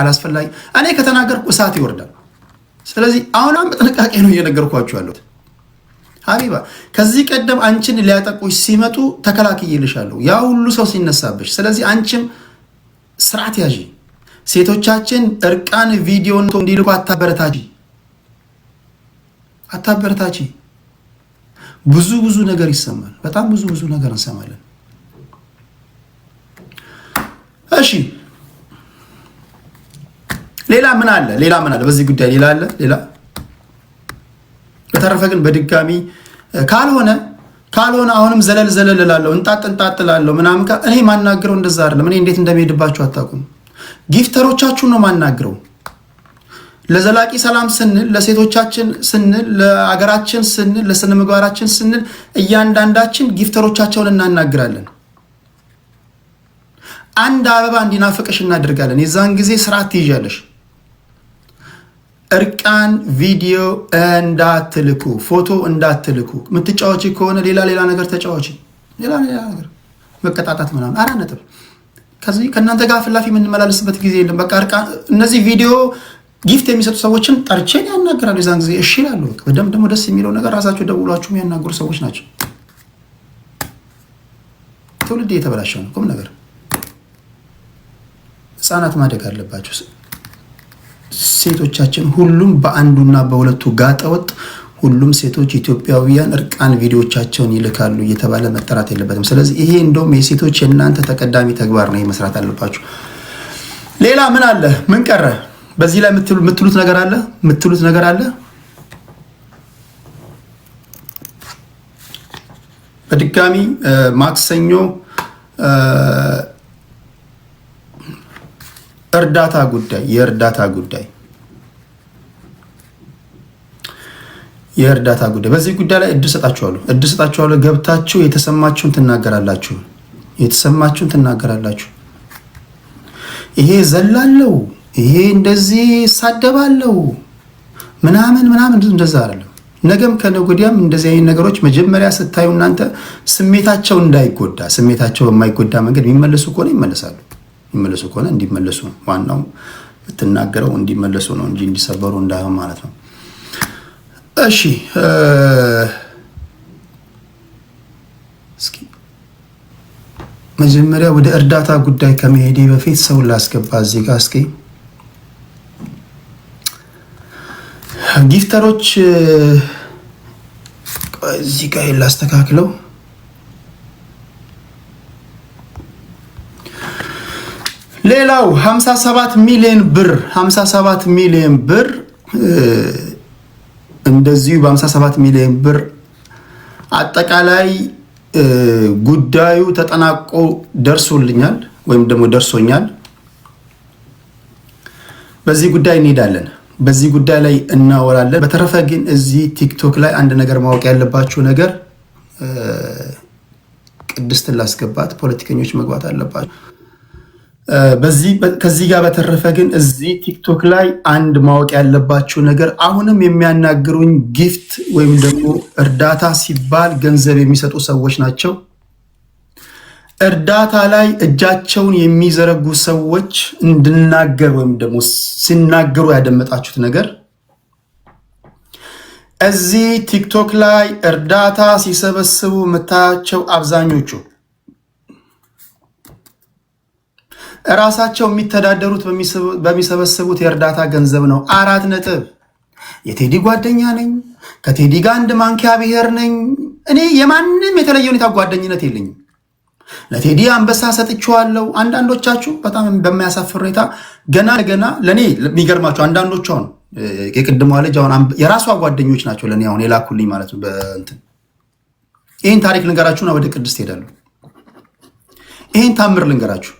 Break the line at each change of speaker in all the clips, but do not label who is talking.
አላስፈላጊ እኔ ከተናገርኩ እሳት ይወርዳል። ስለዚህ አሁንም በጥንቃቄ ነው እየነገርኳችሁ ያለሁት። ሀቢባ ከዚህ ቀደም አንቺን ሊያጠቁሽ ሲመጡ ተከላክዬልሻለሁ፣ ያ ሁሉ ሰው ሲነሳብሽ። ስለዚህ አንቺም ስርዓት ያዢ። ሴቶቻችን እርቃን ቪዲዮ እንዲልኩ አታበረታቺ፣ አታበረታቺ። ብዙ ብዙ ነገር ይሰማል። በጣም ብዙ ብዙ ነገር እንሰማለን። እሺ ሌላ ምን አለ? ሌላ ምን አለ? በዚህ ጉዳይ ሌላ አለ? ሌላ በተረፈ ግን በድጋሚ ካልሆነ ካልሆነ አሁንም ዘለል ዘለል እላለሁ፣ እንጣጥ እንጣጥ እላለሁ ምናምን። እኔ ማናግረው እንደዛ አይደለም። እኔ እንዴት እንደሚሄድባችሁ አታውቁም። ጊፍተሮቻችሁን ነው ማናግረው። ለዘላቂ ሰላም ስንል፣ ለሴቶቻችን ስንል፣ ለአገራችን ስንል፣ ለስነ ምግባራችን ስንል እያንዳንዳችን ጊፍተሮቻቸውን እናናግራለን። አንድ አበባ እንዲናፍቅሽ እናደርጋለን። የዛን ጊዜ ስርዓት ትይዣለሽ። እርቃን ቪዲዮ እንዳትልኩ፣ ፎቶ እንዳትልኩ። የምትጫወች ከሆነ ሌላ ሌላ ነገር ተጫዋች፣ ሌላ ሌላ ነገር መቀጣጣት ምናምን አራ ነጥብ። ከዚህ ከእናንተ ጋር ፍላፊ የምንመላለስበት ጊዜ የለም። በቃ እርቃን እነዚህ ቪዲዮ ጊፍት የሚሰጡ ሰዎችን ጠርቼን ያናግራሉ። የዛን ጊዜ እሺ ላሉ በደንብ ደግሞ ደስ የሚለው ነገር ራሳቸው ደውሏችሁ የሚያናግሩ ሰዎች ናቸው። ትውልድ እየተበላሸ ነው። ቁም ነገር ህፃናት ማደግ አለባቸው። ሴቶቻችን ሁሉም በአንዱና በሁለቱ ጋጠወጥ ሁሉም ሴቶች ኢትዮጵያውያን እርቃን ቪዲዮቻቸውን ይልካሉ እየተባለ መጠራት የለበትም። ስለዚህ ይሄ እንደውም የሴቶች የእናንተ ተቀዳሚ ተግባር ነው፣ መስራት አለባችሁ። ሌላ ምን አለ? ምን ቀረ? በዚህ ላይ የምትሉት ነገር አለ? የምትሉት ነገር አለ? በድጋሚ ማክሰኞ እርዳታ ጉዳይ የእርዳታ ጉዳይ የእርዳታ ጉዳይ በዚህ ጉዳይ ላይ እድል ሰጣችኋለሁ፣ እድል ሰጣችኋለሁ። ገብታችሁ የተሰማችሁን ትናገራላችሁ፣ የተሰማችሁን ትናገራላችሁ። ይሄ ዘላለው፣ ይሄ እንደዚህ ሳደባለው ምናምን ምናምን እንደዛ አይደለም። ነገም ከነገ ወዲያም እንደዚህ አይነት ነገሮች መጀመሪያ ስታዩ እናንተ ስሜታቸው እንዳይጎዳ ስሜታቸው በማይጎዳ መንገድ የሚመለሱ ከሆነ ይመለሳሉ። ይመለሱ ከሆነ እንዲመለሱ ነው ዋናው የምትናገረው እንዲመለሱ ነው እንጂ እንዲሰበሩ እንዳይሆን ማለት ነው። እሺ መጀመሪያ ወደ እርዳታ ጉዳይ ከመሄዴ በፊት ሰው ላስገባ እዚህ ጋር እስኪ ጊፍተሮች እዚህ ጋር ላስተካክለው። ሌላው 57 ሚሊዮን ብር 57 ሚሊዮን ብር እንደዚሁ በ57 ሚሊዮን ብር አጠቃላይ ጉዳዩ ተጠናቆ ደርሶልኛል ወይም ደግሞ ደርሶኛል። በዚህ ጉዳይ እንሄዳለን። በዚህ ጉዳይ ላይ እናወራለን። በተረፈ ግን እዚህ ቲክቶክ ላይ አንድ ነገር ማወቅ ያለባችሁ ነገር ቅድስትን ላስገባት ፖለቲከኞች መግባት አለባቸው። ከዚህ ጋር በተረፈ ግን እዚህ ቲክቶክ ላይ አንድ ማወቅ ያለባችሁ ነገር አሁንም የሚያናግሩኝ ጊፍት ወይም ደግሞ እርዳታ ሲባል ገንዘብ የሚሰጡ ሰዎች ናቸው። እርዳታ ላይ እጃቸውን የሚዘረጉ ሰዎች እንድናገር ወይም ደግሞ ሲናገሩ ያደመጣችሁት ነገር እዚህ ቲክቶክ ላይ እርዳታ ሲሰበስቡ የምታያቸው አብዛኞቹ እራሳቸው የሚተዳደሩት በሚሰበስቡት የእርዳታ ገንዘብ ነው። አራት ነጥብ። የቴዲ ጓደኛ ነኝ፣ ከቴዲ ጋር አንድ ማንኪያ ብሔር ነኝ። እኔ የማንም የተለየ ሁኔታ ጓደኝነት የለኝም። ለቴዲ አንበሳ ሰጥችዋለው አንዳንዶቻችሁ በጣም በሚያሳፍር ሁኔታ ገና ገና ለእኔ የሚገርማቸው አንዳንዶቹ አሁን የቅድሟ ልጅ አሁን የራሷ ጓደኞች ናቸው ለእኔ አሁን የላኩልኝ ማለት ነው። በእንትን ይህን ታሪክ ልንገራችሁና ወደ ቅድስት ሄዳለሁ። ይህን ታምር ልንገራችሁ።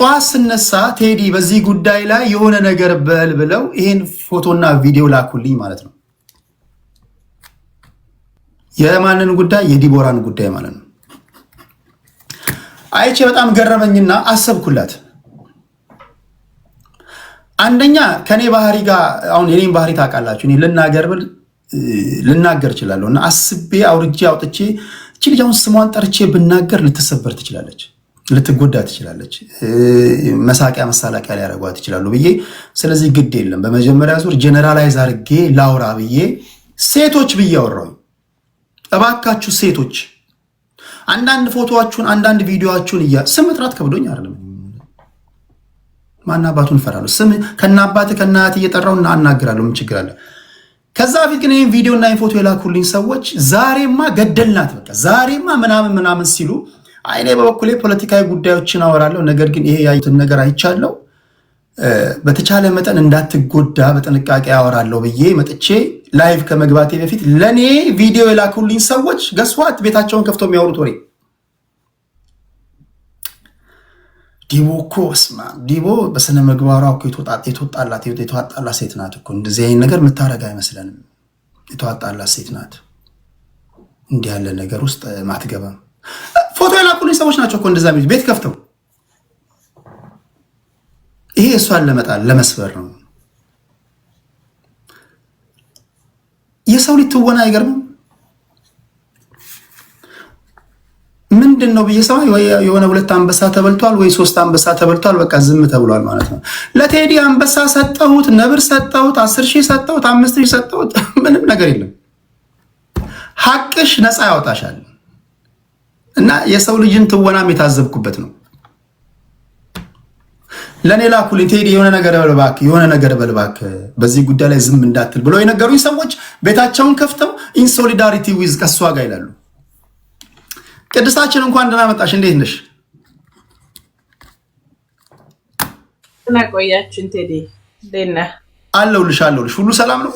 ጠዋት ስነሳ ቴዲ በዚህ ጉዳይ ላይ የሆነ ነገር በል ብለው ይህን ፎቶና ቪዲዮ ላኩልኝ ማለት ነው። የማንን ጉዳይ? የዲቦራን ጉዳይ ማለት ነው። አይቼ በጣም ገረመኝና አሰብኩላት። አንደኛ ከኔ ባህሪ ጋር አሁን የኔን ባህሪ ታውቃላችሁ። እኔ ልናገር ብል ልናገር እችላለሁ እና አስቤ አውርጄ አውጥቼ እቺ ልጅ አሁን ስሟን ጠርቼ ብናገር ልትሰበር ትችላለች። ልትጎዳ ትችላለች። መሳቂያ መሳላቂያ ሊያደርጓት ይችላሉ ብዬ ስለዚህ ግድ የለም በመጀመሪያ ዙር ጀነራላይዝ አድርጌ ላውራ ብዬ ሴቶች ብዬ አወራሁኝ። እባካችሁ ሴቶች አንዳንድ ፎቶችሁን አንዳንድ ቪዲዮችሁን እያ ስም ጥራት ከብዶኝ አይደለም። ማና አባቱን እፈራለሁ። ስም ከና አባት ከና አያት እየጠራው እና አናግራለሁ። ምን ችግር አለ? ከዛ በፊት ግን ይህን ቪዲዮ እና ፎቶ የላኩልኝ ሰዎች ዛሬማ ገደልናት፣ በቃ ዛሬማ ምናምን ምናምን ሲሉ አይኔ በበኩሌ ፖለቲካዊ ጉዳዮችን አወራለሁ። ነገር ግን ይሄ ያዩትን ነገር አይቻለው። በተቻለ መጠን እንዳትጎዳ በጥንቃቄ አወራለሁ ብዬ መጥቼ ላይቭ ከመግባቴ በፊት ለእኔ ቪዲዮ የላኩልኝ ሰዎች ገስዋት ቤታቸውን ከፍቶ የሚያወሩት ወሬ ዲቦ እኮ ስማ፣ ዲቦ በስነ ምግባሯ እኮ የተወጣላት የተዋጣላት ሴት ናት እኮ እንደዚህ አይነት ነገር የምታረግ አይመስለንም። የተዋጣላት ሴት ናት። እንዲህ ያለ ነገር ውስጥ ማትገባም ፎቶ የላኩልኝ ሰዎች ናቸው እኮ እንደዛ የሚሉት ቤት ከፍተው። ይሄ እሷን ለመጣል ለመስበር ነው። የሰው ልጅ ትወና አይገርምም። ምንድን ነው ብዬ የሆነ ሁለት አንበሳ ተበልቷል ወይ ሶስት አንበሳ ተበልቷል፣ በቃ ዝም ተብሏል ማለት ነው። ለቴዲ አንበሳ ሰጠሁት፣ ነብር ሰጠሁት፣ አስር ሺህ ሰጠሁት፣ አምስት ሺህ ሰጠሁት፣ ምንም ነገር የለም። ሀቅሽ ነፃ ያወጣሻል። እና የሰው ልጅን ትወናም የታዘብኩበት ነው። ለእኔ ላኩልኝ ቴዲ የሆነ ነገር በልባክ የሆነ ነገር በልባክ በዚህ ጉዳይ ላይ ዝም እንዳትል ብለው የነገሩኝ ሰዎች ቤታቸውን ከፍተው ኢንሶሊዳሪቲ ዊዝ ከሷ ጋር ይላሉ። ቅድሳችን እንኳን ደህና መጣሽ፣ እንዴት ነሽ?
ቆያችን ቴዲ እንዴት
አለሁልሽ አለሁልሽ። ሁሉ ሰላም ነው?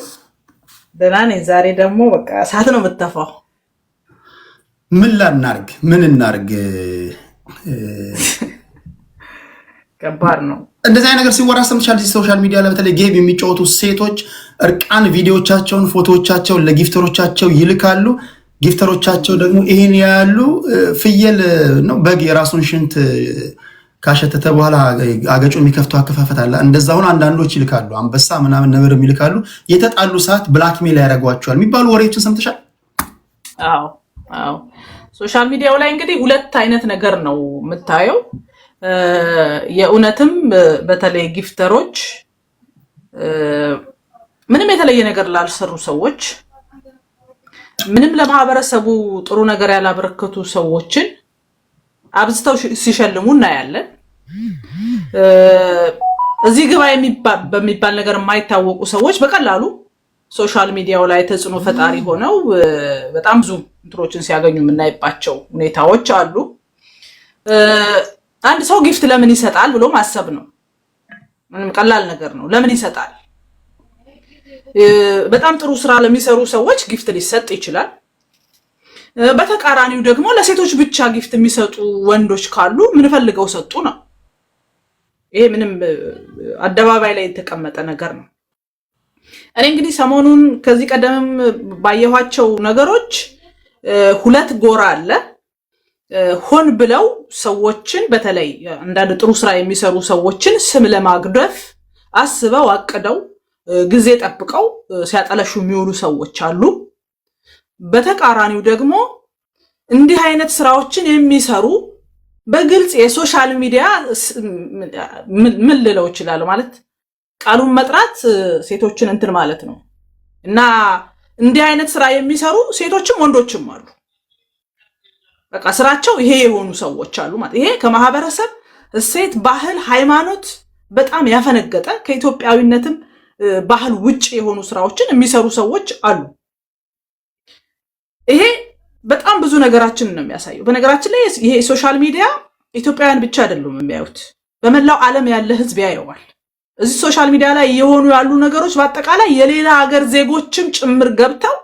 ደህና ነኝ። ዛሬ ደግሞ በቃ እሳት ነው የምትተፋው
ምን ላናርግ? ምን እናርግ? ከባድ ነው። እንደዚህ አይነት ነገር ሲወራ ሰምቻል። ሶሻል ሚዲያ ላይ በተለይ ጌም የሚጫወቱ ሴቶች እርቃን ቪዲዮቻቸውን፣ ፎቶዎቻቸውን ለጊፍተሮቻቸው ይልካሉ። ጊፍተሮቻቸው ደግሞ ይህን ያሉ ፍየል ነው በግ የራሱን ሽንት ካሸተተ በኋላ አገጩ የሚከፍተው አከፋፈት አለ። እንደዛ ሁን አንዳንዶች ይልካሉ፣ አንበሳ ምናምን ነብር ይልካሉ። የተጣሉ ሰዓት ብላክሜል ያደርጓቸዋል የሚባሉ ወሬዎችን ሰምተሻል?
አዎ ሶሻል ሚዲያው ላይ እንግዲህ ሁለት አይነት ነገር ነው የምታየው። የእውነትም በተለይ ጊፍተሮች ምንም የተለየ ነገር ላልሰሩ ሰዎች፣ ምንም ለማህበረሰቡ ጥሩ ነገር ያላበረከቱ ሰዎችን አብዝተው ሲሸልሙ እናያለን። እዚህ ግባ በሚባል ነገር የማይታወቁ ሰዎች በቀላሉ ሶሻል ሚዲያው ላይ ተጽዕኖ ፈጣሪ ሆነው በጣም ብዙ እንትሮችን ሲያገኙ የምናይባቸው ሁኔታዎች አሉ። አንድ ሰው ጊፍት ለምን ይሰጣል ብሎ ማሰብ ነው። ምንም ቀላል ነገር ነው። ለምን ይሰጣል? በጣም ጥሩ ስራ ለሚሰሩ ሰዎች ጊፍት ሊሰጥ ይችላል። በተቃራኒው ደግሞ ለሴቶች ብቻ ጊፍት የሚሰጡ ወንዶች ካሉ ምንፈልገው ሰጡ ነው። ይሄ ምንም አደባባይ ላይ የተቀመጠ ነገር ነው። እኔ እንግዲህ ሰሞኑን ከዚህ ቀደምም ባየኋቸው ነገሮች ሁለት ጎራ አለ። ሆን ብለው ሰዎችን በተለይ አንዳንድ ጥሩ ስራ የሚሰሩ ሰዎችን ስም ለማግደፍ አስበው አቅደው ጊዜ ጠብቀው ሲያጠለሹ የሚውሉ ሰዎች አሉ። በተቃራኒው ደግሞ እንዲህ አይነት ስራዎችን የሚሰሩ በግልጽ የሶሻል ሚዲያ ምን ልለው እችላለሁ ማለት ቃሉን መጥራት ሴቶችን እንትን ማለት ነው እና እንዲህ አይነት ስራ የሚሰሩ ሴቶችም ወንዶችም አሉ። በቃ ስራቸው ይሄ የሆኑ ሰዎች አሉ ማለት ይሄ ከማህበረሰብ እሴት፣ ባህል፣ ሃይማኖት በጣም ያፈነገጠ ከኢትዮጵያዊነትም ባህል ውጭ የሆኑ ስራዎችን የሚሰሩ ሰዎች አሉ። ይሄ በጣም ብዙ ነገራችንን ነው የሚያሳየው። በነገራችን ላይ ይሄ ሶሻል ሚዲያ ኢትዮጵያውያን ብቻ አይደሉም የሚያዩት፣ በመላው ዓለም ያለ ህዝብ ያየዋል። እዚህ ሶሻል ሚዲያ ላይ የሆኑ ያሉ ነገሮች በአጠቃላይ የሌላ ሀገር ዜጎችም ጭምር ገብተው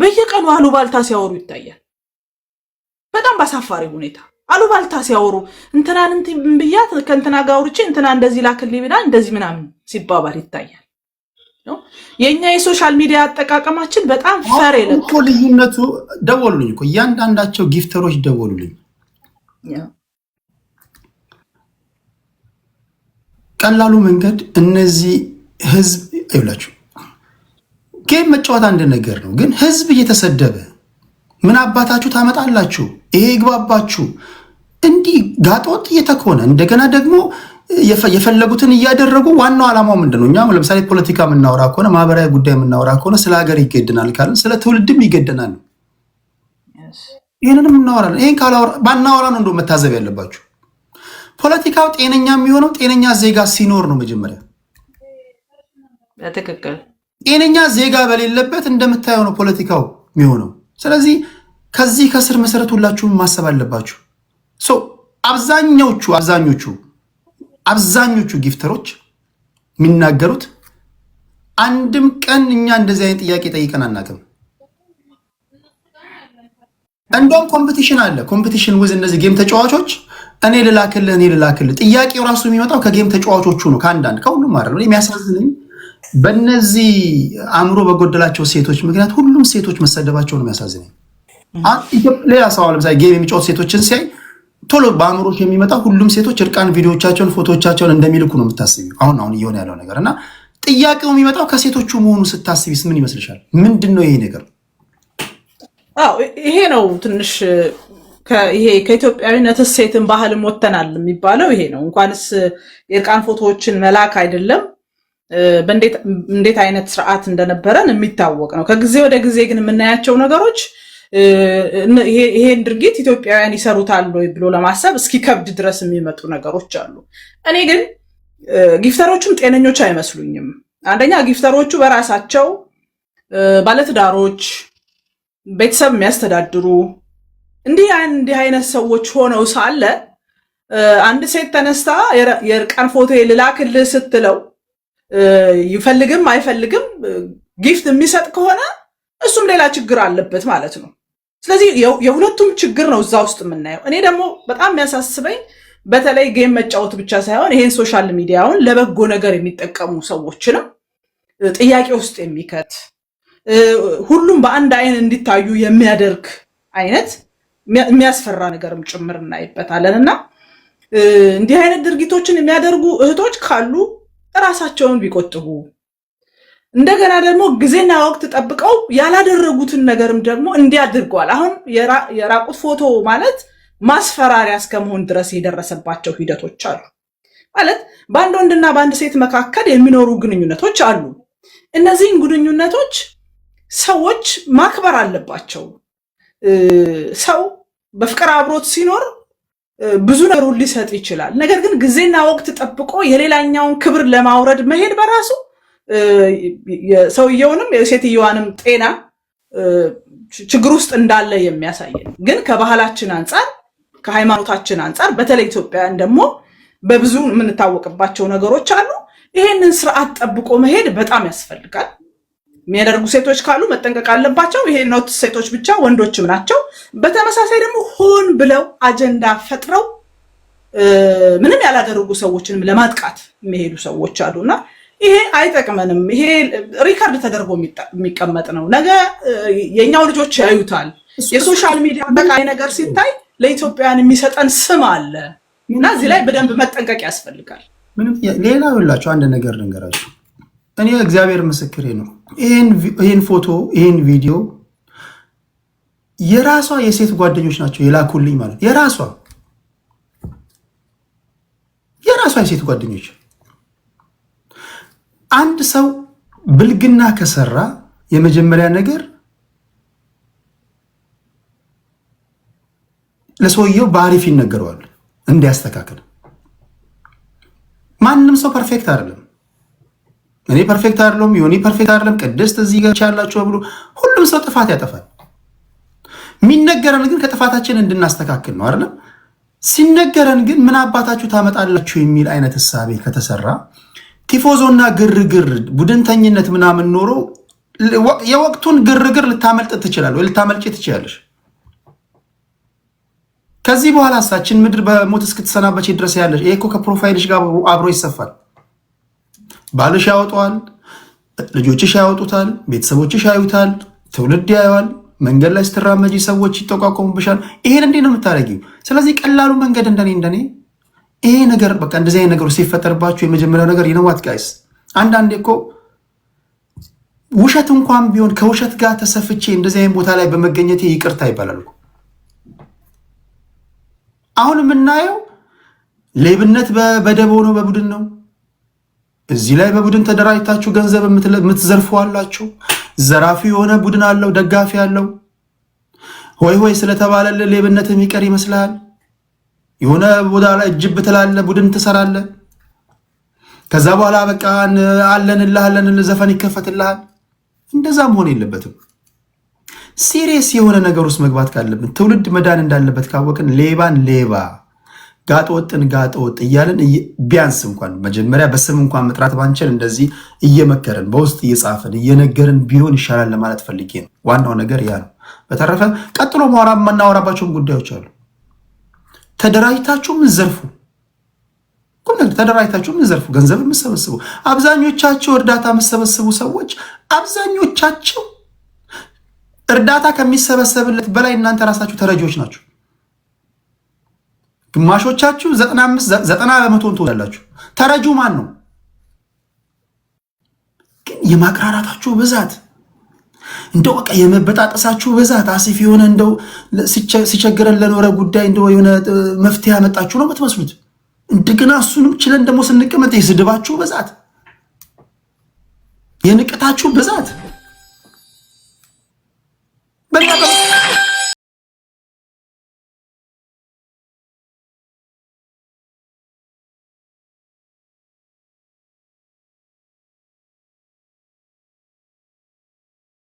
በየቀኑ አሉባልታ ሲያወሩ ይታያል። በጣም በአሳፋሪ ሁኔታ አሉባልታ ሲያወሩ እንትናን ብያት ከእንትና ጋር አውርቼ እንትና እንደዚህ ላክል ይብላል እንደዚህ ምናምን ሲባባል ይታያል። የእኛ የሶሻል ሚዲያ አጠቃቀማችን በጣም ፈር
ልዩነቱ ደወሉልኝ እኮ እያንዳንዳቸው ጊፍተሮች ደወሉልኝ ቀላሉ መንገድ እነዚህ ህዝብ ይላችሁ ጌም መጫወት አንድ ነገር ነው። ግን ህዝብ እየተሰደበ ምን አባታችሁ ታመጣላችሁ? ይሄ ይግባባችሁ። እንዲህ ጋጦት እየተኮነ እንደገና ደግሞ የፈለጉትን እያደረጉ ዋናው ዓላማው ምንድን ነው? እኛ ለምሳሌ ፖለቲካ የምናወራ ከሆነ ማህበራዊ ጉዳይ የምናወራ ከሆነ ስለ ሀገር ይገድናል ካለን ስለ ትውልድም ይገደናል ነው። ይህንንም እናወራለን። ይህን ባናወራ ነው እንደ መታዘብ ያለባችሁ ፖለቲካው ጤነኛ የሚሆነው ጤነኛ ዜጋ ሲኖር ነው። መጀመሪያ ትክክል። ጤነኛ ዜጋ በሌለበት እንደምታየው ነው ፖለቲካው የሚሆነው። ስለዚህ ከዚህ ከስር መሰረት ሁላችሁም ማሰብ አለባችሁ። አብዛኞቹ አብዛኞቹ አብዛኞቹ ጊፍተሮች የሚናገሩት አንድም ቀን እኛ እንደዚህ አይነት ጥያቄ ጠይቀን አናውቅም። እንደውም ኮምፒቲሽን አለ። ኮምፒቲሽን ውዝ እነዚህ ጌም ተጫዋቾች እኔ ልላክልህ እኔ ልላክልህ። ጥያቄው ራሱ የሚመጣው ከጌም ተጫዋቾቹ ነው፣ ከአንዳንድ ከሁሉም አይደለም። የሚያሳዝነኝ በእነዚህ አእምሮ በጎደላቸው ሴቶች ምክንያት ሁሉም ሴቶች መሰደባቸው ነው የሚያሳዝነኝ። ሌላ ሰው ለምሳሌ ጌም የሚጫወት ሴቶችን ሲያይ ቶሎ በአእምሮች የሚመጣ ሁሉም ሴቶች እርቃን ቪዲዮቻቸውን ፎቶቻቸውን እንደሚልኩ ነው የምታስቢ። አሁን አሁን እየሆነ ያለው ነገር እና ጥያቄው የሚመጣው ከሴቶቹ መሆኑ ስታስቢስ ምን ይመስልሻል? ምንድን ነው ይሄ ነገር?
ይሄ ነው ትንሽ ይሄ ከኢትዮጵያዊነት እሴትን ባህልም ወተናል የሚባለው ይሄ ነው። እንኳንስ የእርቃን ፎቶዎችን መላክ አይደለም እንዴት አይነት ስርዓት እንደነበረን የሚታወቅ ነው። ከጊዜ ወደ ጊዜ ግን የምናያቸው ነገሮች ይሄን ድርጊት ኢትዮጵያውያን ይሰሩታል ወይ ብሎ ለማሰብ እስኪከብድ ድረስ የሚመጡ ነገሮች አሉ። እኔ ግን ጊፍተሮቹም ጤነኞች አይመስሉኝም። አንደኛ ጊፍተሮቹ በራሳቸው ባለትዳሮች ቤተሰብ የሚያስተዳድሩ እንዲህ እንዲህ አይነት ሰዎች ሆነው ሳለ አንድ ሴት ተነስታ የእርቃን ፎቶ ልላክልህ ስትለው ይፈልግም አይፈልግም ጊፍት የሚሰጥ ከሆነ እሱም ሌላ ችግር አለበት ማለት ነው። ስለዚህ የሁለቱም ችግር ነው እዛ ውስጥ የምናየው። እኔ ደግሞ በጣም የሚያሳስበኝ በተለይ ጌም መጫወት ብቻ ሳይሆን ይሄን ሶሻል ሚዲያውን ለበጎ ነገር የሚጠቀሙ ሰዎችንም ጥያቄ ውስጥ የሚከት ሁሉም በአንድ አይን እንዲታዩ የሚያደርግ አይነት የሚያስፈራ ነገርም ጭምር እናይበታለን እና እንዲህ አይነት ድርጊቶችን የሚያደርጉ እህቶች ካሉ እራሳቸውን ቢቆጥቡ እንደገና ደግሞ ጊዜና ወቅት ጠብቀው ያላደረጉትን ነገርም ደግሞ እንዲያድርጓል። አሁን የራቁት ፎቶ ማለት ማስፈራሪያ እስከመሆን ድረስ የደረሰባቸው ሂደቶች አሉ። ማለት በአንድ ወንድና በአንድ ሴት መካከል የሚኖሩ ግንኙነቶች አሉ። እነዚህን ግንኙነቶች ሰዎች ማክበር አለባቸው። ሰው በፍቅር አብሮት ሲኖር ብዙ ነገሩን ሊሰጥ ይችላል። ነገር ግን ጊዜና ወቅት ጠብቆ የሌላኛውን ክብር ለማውረድ መሄድ በራሱ የሰውየውንም የሴትየዋንም ጤና ችግር ውስጥ እንዳለ የሚያሳየን ግን ከባህላችን አንጻር ከሃይማኖታችን አንጻር በተለይ ኢትዮጵያውያን ደግሞ በብዙ የምንታወቅባቸው ነገሮች አሉ። ይህንን ስርዓት ጠብቆ መሄድ በጣም ያስፈልጋል። የሚያደርጉ ሴቶች ካሉ መጠንቀቅ አለባቸው። ይሄ ኖት ሴቶች ብቻ ወንዶችም ናቸው። በተመሳሳይ ደግሞ ሆን ብለው አጀንዳ ፈጥረው ምንም ያላደረጉ ሰዎችንም ለማጥቃት የሚሄዱ ሰዎች አሉ እና ይሄ አይጠቅመንም። ይሄ ሪከርድ ተደርጎ የሚቀመጥ ነው። ነገ የእኛው ልጆች ያዩታል። የሶሻል ሚዲያ በቃ ነገር ሲታይ ለኢትዮጵያውያን የሚሰጠን ስም አለ እና እዚህ ላይ በደንብ መጠንቀቅ ያስፈልጋል።
ሌላ ሁላቸው አንድ ነገር ነገራቸው እኔ እግዚአብሔር ምስክሬ ነው ይህን ፎቶ ይህን ቪዲዮ የራሷ የሴት ጓደኞች ናቸው የላኩልኝ ማለት የራሷ የራሷ የሴት ጓደኞች። አንድ ሰው ብልግና ከሰራ የመጀመሪያ ነገር ለሰውየው በአሪፍ ይነገረዋል እንዲያስተካክል። ማንም ሰው ፐርፌክት አይደለም። እኔ ፐርፌክት አይደለሁም፣ ዮኒ ፐርፌክት አይደለም፣ ቅድስት እዚህ ጋር ያላችሁ ብሎ ሁሉም ሰው ጥፋት ያጠፋል። የሚነገረን ግን ከጥፋታችን እንድናስተካክል ነው አይደለም። ሲነገረን ግን ምን አባታችሁ ታመጣላችሁ የሚል አይነት እሳቤ ከተሰራ ቲፎዞና ግርግር፣ ቡድንተኝነት ምናምን ኖሮ የወቅቱን ግርግር ልታመልጥ ትችላል ወይ ልታመልጭ ትችላለሽ። ከዚህ በኋላ እሳችን ምድር በሞት እስክትሰናበች ድረስ ያለሽ ይሄ እኮ ከፕሮፋይልሽ ጋር አብሮ ይሰፋል። ባልሽ ያወጣዋል፣ ልጆችሽ ያወጡታል፣ ቤተሰቦችሽ ያዩታል፣ ትውልድ ያየዋል። መንገድ ላይ ስትራመጂ ሰዎች ይጠቋቋሙብሻል። ይሄን እንዴ ነው የምታደርጊው? ስለዚህ ቀላሉ መንገድ እንደኔ እንደኔ ይሄ ነገር በቃ እንደዚህ አይነት ሲፈጠርባቸው ሲፈጠርባችሁ የመጀመሪያው ነገር ይነዋት ጋይስ፣ አንዳንዴ እኮ ውሸት እንኳን ቢሆን ከውሸት ጋር ተሰፍቼ እንደዚህ አይነት ቦታ ላይ በመገኘቴ ይቅርታ ይባላል። አሁን የምናየው ሌብነት በደቦ ነው፣ በቡድን ነው። እዚህ ላይ በቡድን ተደራጅታችሁ ገንዘብ የምትዘርፉ አላችሁ። ዘራፊ የሆነ ቡድን አለው፣ ደጋፊ አለው። ሆይ ሆይ ስለተባለልህ ሌብነት የሚቀር ይመስልሃል? የሆነ ቦታ ላይ እጅብ ትላለህ፣ ቡድን ትሰራለህ። ከዛ በኋላ በቃ አለንልህ አለንልህ ዘፈን ይከፈትልሃል። እንደዛ መሆን የለበትም። ሲሪየስ የሆነ ነገር ውስጥ መግባት ካለብን ትውልድ መዳን እንዳለበት ካወቅን ሌባን ሌባ ጋጠ ወጥን ጋጠ ወጥ እያለን ቢያንስ እንኳን መጀመሪያ በስም እንኳን መጥራት ባንችል እንደዚህ እየመከርን በውስጥ እየጻፈን እየነገርን ቢሆን ይሻላል ለማለት ፈልጌ ነው። ዋናው ነገር ያ ነው። በተረፈ ቀጥሎ ማውራ የማናወራባቸውን ጉዳዮች አሉ። ተደራጅታችሁ ነገር ተደራጅታችሁ ምንዘርፉ ገንዘብ የምሰበስቡ አብዛኞቻቸው እርዳታ የምሰበስቡ ሰዎች አብዛኞቻቸው እርዳታ ከሚሰበሰብለት በላይ እናንተ ራሳችሁ ተረጂዎች ናቸው። ግማሾቻችሁ ዘጠና በመቶን ትወዳላችሁ። ተረጁ ማን ነው? ግን የማቅራራታችሁ ብዛት እንደው በቃ የመበጣጠሳችሁ ብዛት አሲፍ የሆነ እንደው ሲቸግረን ለኖረ ጉዳይ እንደው የሆነ መፍትሄ ያመጣችሁ ነው የምትመስሉት። እንደገና እሱንም ችለን ደግሞ ስንቀመጥ የስድባችሁ ብዛት፣ የንቀታችሁ ብዛት